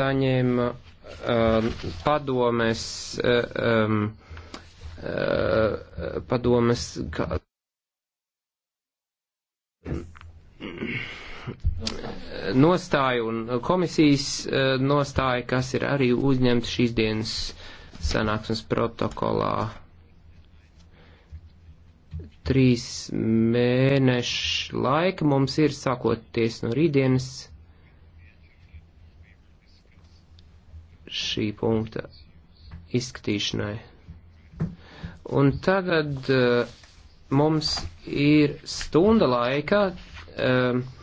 saņēma uh, padomes, uh, um, uh, padomes, kā. Nostāju un komisijas uh, nostāja, kas ir arī uzņemta šīs dienas sanāksmes protokolā. Trīs mēnešu laika mums ir sākoties no rītdienas. šī punkta izskatīšanai. Un tagad uh, mums ir stunda laika. Uh,